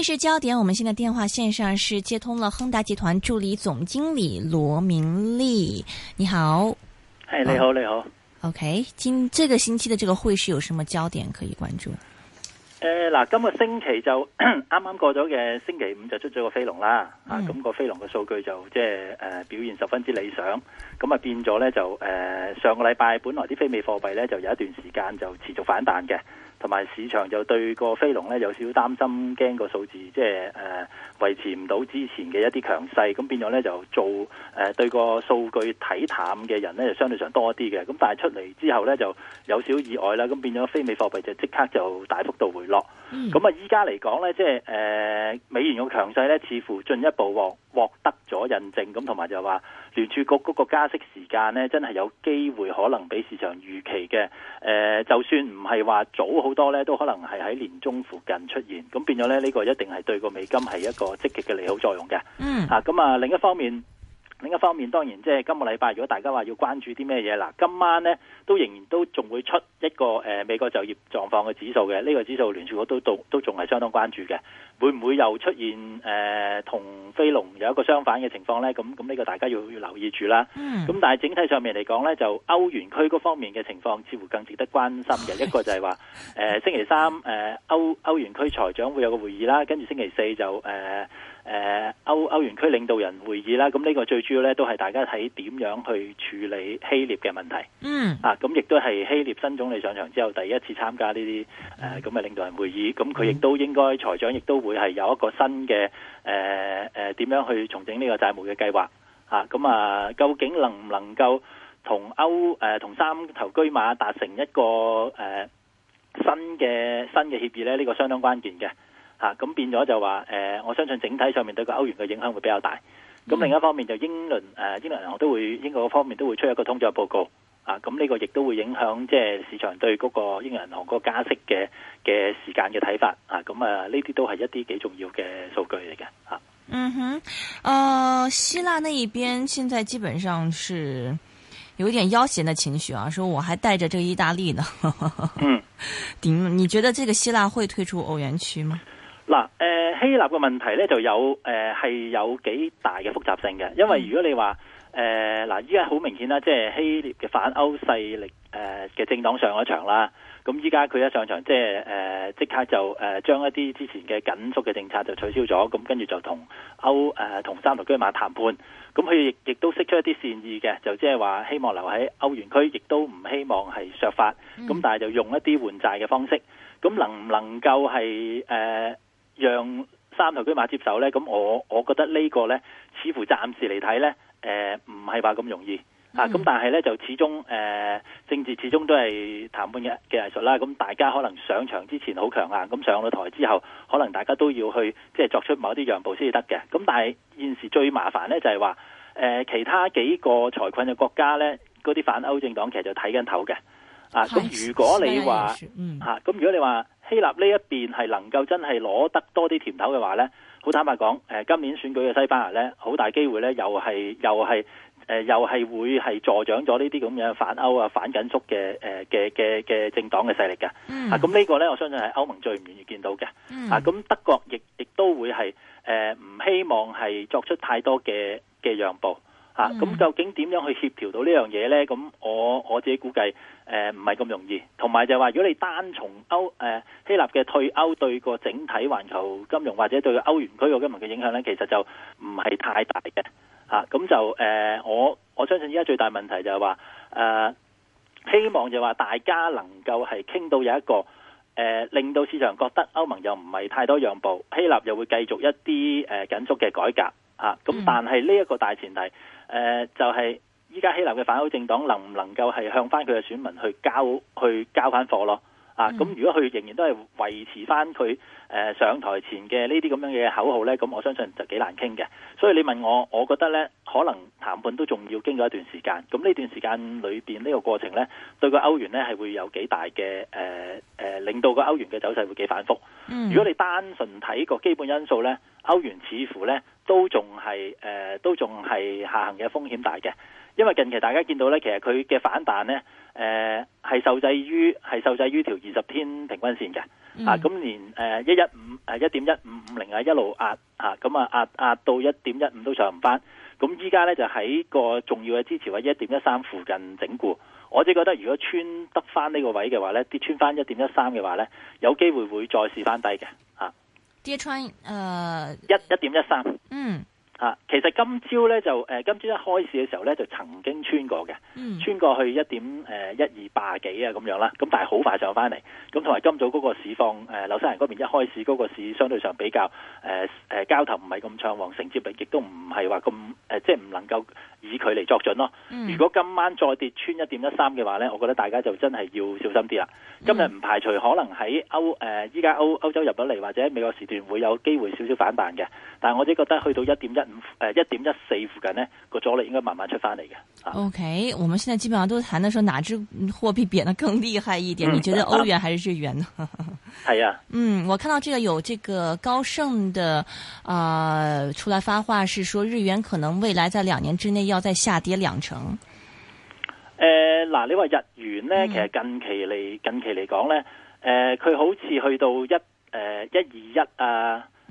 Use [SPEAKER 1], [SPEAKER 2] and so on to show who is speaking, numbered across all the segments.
[SPEAKER 1] 這是焦點，我們現在電話線上是接通了亨達集團助理總經理羅明立，你好。
[SPEAKER 2] 嗨，hey，你好，你好。
[SPEAKER 1] OK，今這個星期的這個匯市有什麼焦點可以關注？
[SPEAKER 2] 誒、呃，嗱，今個星期就啱啱過咗嘅星期五就出咗個非農啦，嗯、啊，咁個非農嘅數據就即係誒表現十分之理想，咁啊變咗咧就誒、呃、上個禮拜本來啲非美貨幣咧就有一段時間就持續反彈嘅。同埋市場就對個非農咧有少少擔心，驚個數字即係誒、呃、維持唔到之前嘅一啲強勢，咁變咗咧就做誒、呃、對個數據睇淡嘅人咧就相對上多啲嘅，咁但係出嚟之後咧就有少意外啦，咁變咗非美貨幣就即刻就大幅度回落。咁啊，依家嚟講咧，即係誒、呃、美元嘅強勢咧，似乎進一步獲、獲得咗印證，咁同埋就話。聯儲局嗰個加息時間呢，真係有機會可能比市場預期嘅，誒、呃，就算唔係話早好多呢，都可能係喺年中附近出現，咁變咗咧，呢、這個一定係對個美金係一個積極嘅利好作用嘅。嗯，吓、啊，咁啊另一方面。另一方面，當然即係今個禮拜，如果大家話要關注啲咩嘢，嗱，今晚呢都仍然都仲會出一個、呃、美國就業狀況嘅指數嘅，呢、呢個指數聯儲局都都都仲係相當關注嘅，會唔會又出現誒同、呃、飛龍有一個相反嘅情況呢？咁咁呢個大家要要留意住啦。咁、mm. 但係整體上面嚟講呢，就歐元區嗰方面嘅情況似乎更值得關心嘅，一個就係話、呃、星期三、呃、歐、歐元區財長會有個會議啦，跟住星期四就誒。呃誒、呃、歐，歐元區領導人會議啦，咁呢個最主要呢都係大家睇點樣去處理希臘嘅問題。嗯，mm. 啊，咁亦都係希臘新總理上場之後第一次參加呢啲誒咁嘅領導人會議，咁佢亦都應該、mm. 財長亦都會係有一個新嘅誒點樣去重整呢個債務嘅計劃。嚇、啊，咁啊，究竟能唔能夠同歐同三頭居馬達成一個誒、呃、新嘅新嘅協議呢？呢、呢個相當關鍵嘅。啊，咁變咗就話誒、呃，我相信整體上面對個歐元嘅影響會比較大。咁另一方面就英倫、呃、英倫銀行都會英國方面都會出一個通脹報告啊，咁、啊、呢、這個亦都會影響即係、呃、市場對嗰個英國銀行個加息嘅嘅時間嘅睇法啊。咁啊，呢啲都係一啲幾重要嘅數據嚟嘅嚇。啊、嗯哼，誒、
[SPEAKER 1] 呃，希臘那一邊現在基本上是有點要挾嘅情緒啊，說我還帶着這個意大利呢。 嗯，頂。你覺得這個希臘會退出歐元區嗎？
[SPEAKER 2] 嗱，誒希臘嘅問題咧，就有誒係、呃、有幾大嘅複雜性嘅，因為如果你話誒嗱，依家好明顯啦，即係希臘嘅反歐勢力誒嘅、呃、政黨上咗場啦，咁依家佢一上場，即係誒即刻就誒、呃、將一啲之前嘅緊縮嘅政策就取消咗，咁跟住就同歐誒同、呃、三頭居馬談判，咁佢亦亦都釋出一啲善意嘅，就即係話希望留喺歐元區，亦都唔希望係削法，咁但係就用一啲換債嘅方式，咁能唔能夠係誒、呃讓三頭兵馬接手呢，咁我我覺得呢個呢，似乎暫時嚟睇呢，誒唔係話咁容易，mm hmm. 啊。咁但係呢，就始終誒、呃，政治始終都係談判嘅嘅藝術啦。咁、嗯、大家可能上場之前好強硬，咁、嗯、上到台之後，可能大家都要去即係作出某啲讓步先至得嘅。咁、嗯、但係現時最麻煩呢，就係、是、話，誒、呃、其他幾個財困嘅國家呢，嗰啲反歐政黨其實就睇緊頭嘅啊。咁的、啊、如果你話吓，咁、mm hmm. 啊、如果你話。希臘呢一邊係能夠真係攞得多啲甜頭嘅話呢，好坦白講，誒、呃、今年選舉嘅西班牙呢，好大機會呢又係又係誒、呃、又係會係助長咗呢啲咁樣反歐啊、反緊縮嘅誒嘅嘅嘅政黨嘅勢力嘅。Mm. 啊，咁呢個呢，我相信係歐盟最唔願意見到嘅。Mm. 啊，咁德國亦亦都會係誒唔希望係作出太多嘅嘅讓步。吓，咁、嗯、究竟點樣去協調到呢樣嘢呢？咁我我自己估計，誒唔係咁容易。同埋就話，如果你單從歐誒、呃、希臘嘅退歐對個整體環球金融或者對歐元區個金融嘅影響呢，其實就唔係太大嘅。嚇、啊，咁就誒、呃，我我相信依家最大問題就係話誒，希望就話大家能夠係傾到有一個誒、呃，令到市場覺得歐盟又唔係太多讓步，希臘又會繼續一啲誒、呃、緊縮嘅改革。嚇、啊，咁但係呢一個大前提。誒、呃、就係依家希臘嘅反歐政黨能唔能夠係向翻佢嘅選民去交去交翻貨咯？咁如果佢仍然都係維持翻佢、呃、上台前嘅呢啲咁樣嘅口號呢，咁我相信就幾難傾嘅。所以你問我，我覺得呢可能談判都仲要經過一段時間。咁呢段時間裏面呢個過程呢，對個歐元呢係會有幾大嘅、呃呃、令到個歐元嘅走勢會幾反覆。嗯、如果你單純睇個基本因素呢，歐元似乎呢都仲係、呃、都仲係下行嘅風險大嘅。因為近期大家見到咧，其實佢嘅反彈咧，誒係受制於係受制於條二十天平均線嘅、嗯啊15，啊咁連誒一一五誒一點一五五零啊一路壓嚇，咁啊壓壓到一點一五都上唔翻，咁依家咧就喺個重要嘅支持位一點一三附近整固，我只覺得如果穿得翻呢個位嘅話咧，跌穿翻一點一三嘅話咧，有機會會再試翻低嘅
[SPEAKER 1] 嚇。跌穿誒一
[SPEAKER 2] 一點一三嗯。啊，其實今朝咧就誒，今朝一開始嘅時候咧就曾經穿過嘅。嗯、穿過去一點誒一二八幾啊咁樣啦，咁、呃、但係好快上翻嚟。咁同埋今早嗰個市況誒紐、呃、西蘭嗰邊一開始嗰個市相對上比較誒誒、呃呃、交投唔係咁暢旺，承接力亦都唔係話咁誒，即係唔能夠以佢嚟作準咯。嗯、如果今晚再跌穿一點一三嘅話咧，我覺得大家就真係要小心啲啦。今日唔排除可能喺歐誒依家歐歐洲入咗嚟或者美國時段會有機會少少反彈嘅，但係我只覺得去到一點一五誒一點一四附近呢，個阻力應該慢慢出翻嚟嘅。
[SPEAKER 1] O K。我們現在基本上都談的是哪隻貨幣貶得更厲害一點？嗯、你覺得歐元還是日元呢？係啊、嗯，嗯，我看到這個有這個高盛的啊、呃、出來發話，是說日元可能未來在兩年之內要再下跌兩成。
[SPEAKER 2] 呃，嗱，你話日元呢、嗯、其實近期嚟近期嚟講呢，呃，佢好似去到一，誒，一二一啊。誒一二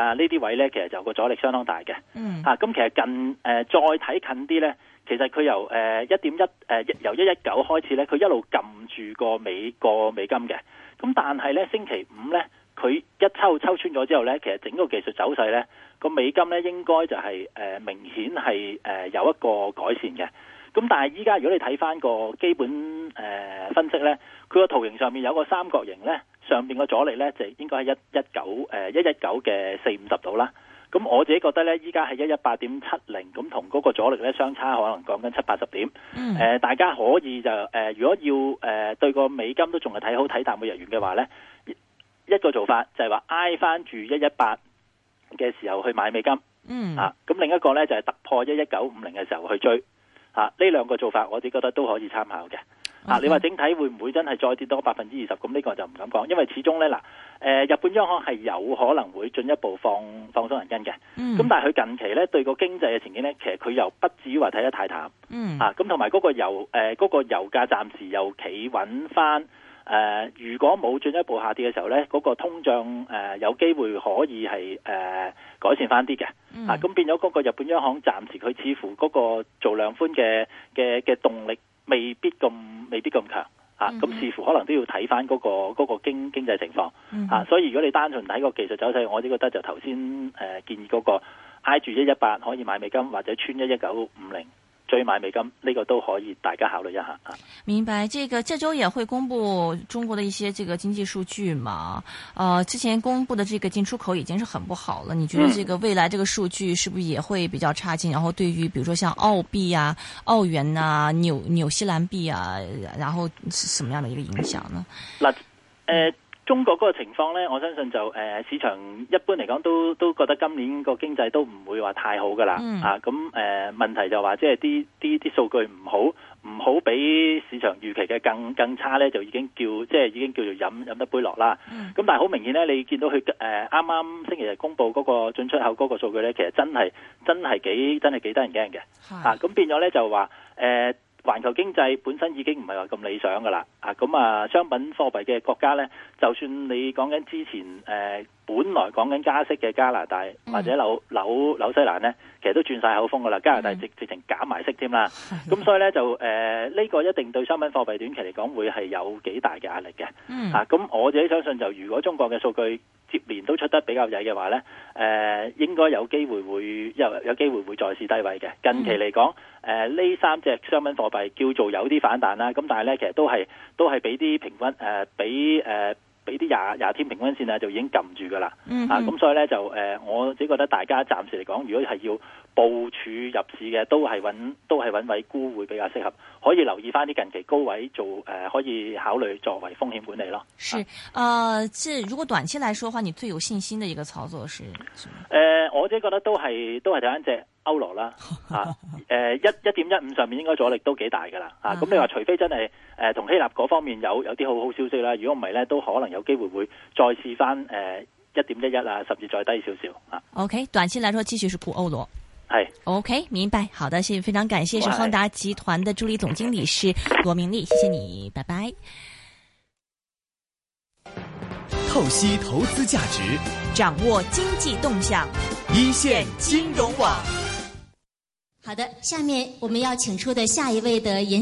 [SPEAKER 2] 二啊，呢啲位咧，其實就個阻力相當大嘅。嗯、mm. 吓。咁其實近、呃、再睇近啲咧，其實佢由誒一點一由一一九開始咧，佢一路撳住個美個美金嘅。咁但係咧，星期五咧，佢一抽抽穿咗之後咧，其實整個技術走勢咧，個美金咧應該就係、係呃、明顯係、呃、有一個改善嘅。咁但係依家如果你睇翻個基本誒、呃、分析咧，佢個圖形上面有個三角形咧。上邊個阻力呢，就應該係一一，呃、一一九誒一一九嘅四五十度啦。咁我自己覺得呢，依家係一一八點七零，咁同嗰個阻力呢相差可能講緊七八十點。誒、嗯呃、大家可以就誒、呃、如果要誒、呃、對個美金都仲係睇好睇淡嘅日元嘅話呢，一個做法就係話挨翻住一一八嘅時候去買美金。嗯。啊，咁另一個呢，就係、是、突破一一九五零嘅時候去追。啊，呢兩個做法我自己覺得都可以參考嘅。啊！你話整體會唔會真係再跌多百分之二十？咁呢個就唔敢講，因為始終呢。嗱、呃，日本央行係有可能會進一步放放鬆銀根嘅。咁、mm. 但係佢近期呢對個經濟嘅前景呢，其實佢又不至於話睇得太淡。Mm. 啊，咁同埋嗰個油誒嗰、呃那個油價暫時又企穩翻。誒、呃，如果冇進一步下跌嘅時候呢，嗰、那個通脹誒、呃、有機會可以係誒、呃、改善翻啲嘅。Mm. 啊，咁變咗嗰個日本央行暫時佢似乎嗰個做量寬嘅嘅嘅動力。未必咁未必咁強、嗯、哼啊咁視乎可能都要睇翻嗰個嗰個經經濟情況、嗯、哼啊所以如果你單純睇個技術走勢，我都覺得就頭先誒建議嗰個挨住一一八可以買美金或者穿一一九五零。追買美金呢個都可以大家考慮一下
[SPEAKER 1] 啊！明白，這個這周也會公布中國的一些這個經濟數據嘛？呃，之前公布的這個進出口已經是很不好了，你覺得這個未來這個數據是不是也會比較差勁？然後對於，比如說像澳幣啊、澳元啊、紐紐西蘭幣啊，然後是什麼樣的一個影響呢？嗯、
[SPEAKER 2] 那呃……中國嗰個情況咧，我相信就、呃、市場一般嚟講都都覺得今年個經濟都唔會話太好噶啦，嗯、啊咁誒、呃、問題就話即係啲啲啲數據唔好，唔好比市場預期嘅更更差咧，就已經叫即係已經叫做飲飲得杯落啦。咁、嗯、但係好明顯咧，你見到佢誒啱啱星期日公布嗰個進出口嗰個數據咧，其實真係真係幾真係幾得人驚嘅，咁是的、啊、變咗咧就話誒環球經濟本身已經唔係話咁理想㗎喇，啊咁啊商品貨幣嘅國家呢，就算你講緊之前誒、呃、本來講緊加息嘅加拿大或者紐紐紐西蘭呢，其實都轉晒口風㗎喇，加拿大直、嗯、直情減埋息添啦，咁所以呢，就誒呢、呃這個一定對商品貨幣短期嚟講會係有幾大嘅壓力嘅，嗯、啊咁我自己相信就如果中國嘅數據。接連都出得比較曳嘅話咧，誒、呃、應該有機會，會，會有有機會會再試低位嘅。近期嚟講，誒、呃、呢三隻商品貨幣叫做有啲反彈啦，咁但係咧其實都係都係俾啲平均誒，俾、呃、誒。俾啲廿廿天平均線啊，就已經撳住噶啦，嗯、哼啊咁所以咧就誒、呃，我自己覺得大家暫時嚟講，如果係要部署入市嘅，都係揾都係揾位沽會比較適合，可以留意翻啲近期高位做誒、呃，可以考慮作為風險管理咯。
[SPEAKER 1] 是啊，即係、呃、如果短期嚟講嘅話，你最有信心嘅一個操作是
[SPEAKER 2] 誒、呃，我自己覺得都係都係第一隻。歐羅啦，吓、 啊，誒一一點一五上面應該阻力都幾大噶啦，吓、啊哈，咁你話除非真係，誒、呃、同希臘嗰方面有有啲好好消息啦，如果唔係咧，都可能有機會會再試翻，誒一點一一啊，甚至再低少少，啊。
[SPEAKER 1] OK，短期來說繼續是沽歐羅，係是。OK，明白，好的，謝謝，非常感謝是亨達集團的助理總經理是羅明立，謝謝你，拜拜。透析投資價值，掌握經濟動向，一線金融網。好的，下面我們要請出的下一位的演。